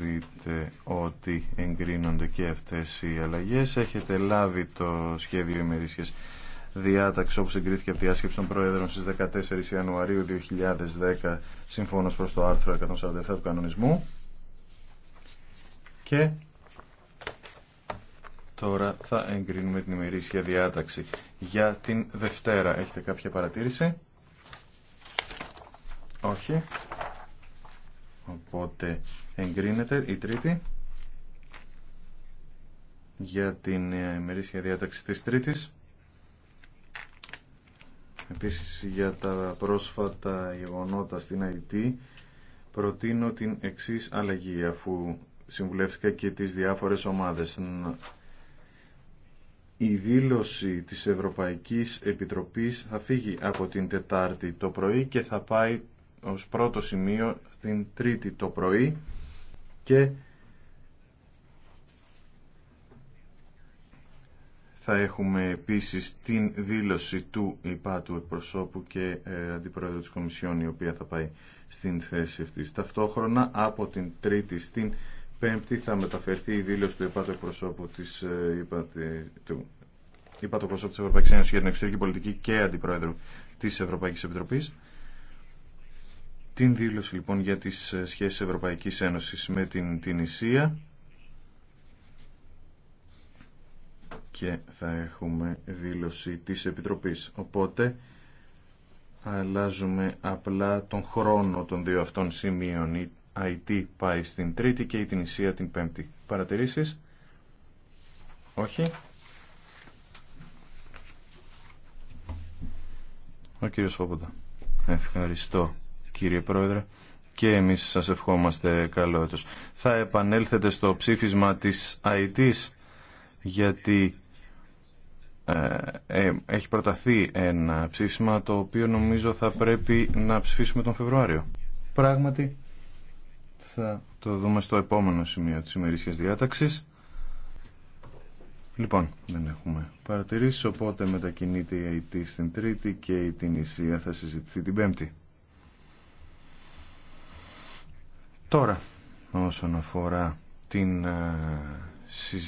Δείτε ότι εγκρίνονται και αυτές οι αλλαγές. Έχετε λάβει το σχέδιο ημερήσιας διάταξη όπως εγκρίθηκε από τη διάσκεψη των Προέδρων στις 14 Ιανουαρίου 2010 συμφώνως προς το άρθρο 147 του κανονισμού. Και τώρα θα εγκρίνουμε την ημερήσια διάταξη. Για την Δευτέρα έχετε κάποια παρατήρηση. Όχι. Οπότε εγκρίνεται η τρίτη για την ε, ημερήσια διάταξη της τρίτης. Επίσης για τα πρόσφατα γεγονότα στην ΑΕΤ προτείνω την εξής αλλαγή αφού συμβουλεύτηκα και τις διάφορες ομάδες. Η δήλωση της Ευρωπαϊκής Επιτροπής θα φύγει από την Τετάρτη το πρωί και θα πάει ως πρώτο σημείο την Τρίτη το πρωί και θα έχουμε επίσης την δήλωση του υπάτου εκπροσώπου και ε, αντιπρόεδρου της Κομισιόν η οποία θα πάει στην θέση αυτή. Ταυτόχρονα από την Τρίτη στην Πέμπτη θα μεταφερθεί η δήλωση του υπάτου εκπροσώπου της, ε, υπάτου του, εκπροσώπου της Ευρωπαϊκής Ένωσης για την εξωτερική πολιτική και αντιπρόεδρου της Ευρωπαϊκής Επιτροπής την δήλωση λοιπόν για τις ε, σχέσεις Ευρωπαϊκής Ένωσης με την, Ισία και θα έχουμε δήλωση της Επιτροπής. Οπότε αλλάζουμε απλά τον χρόνο των δύο αυτών σημείων. Η IT πάει στην Τρίτη και η την την Πέμπτη. Παρατηρήσεις? Όχι. Ο κύριος Φόποντα. Ευχαριστώ κύριε Πρόεδρε. Και εμείς σας ευχόμαστε καλό έτος. Θα επανέλθετε στο ψήφισμα της ΑΕΤΙΣ γιατί ε, ε, έχει προταθεί ένα ψήφισμα το οποίο νομίζω θα πρέπει να ψηφίσουμε τον Φεβρουάριο. Πράγματι θα το δούμε στο επόμενο σημείο της ημερήσιας διάταξης. Λοιπόν, δεν έχουμε παρατηρήσει, οπότε μετακινείται η ΑΕΤ στην Τρίτη και η Τινησία θα συζητηθεί την Πέμπτη. Τώρα, όσον αφορά την ε, συζήτηση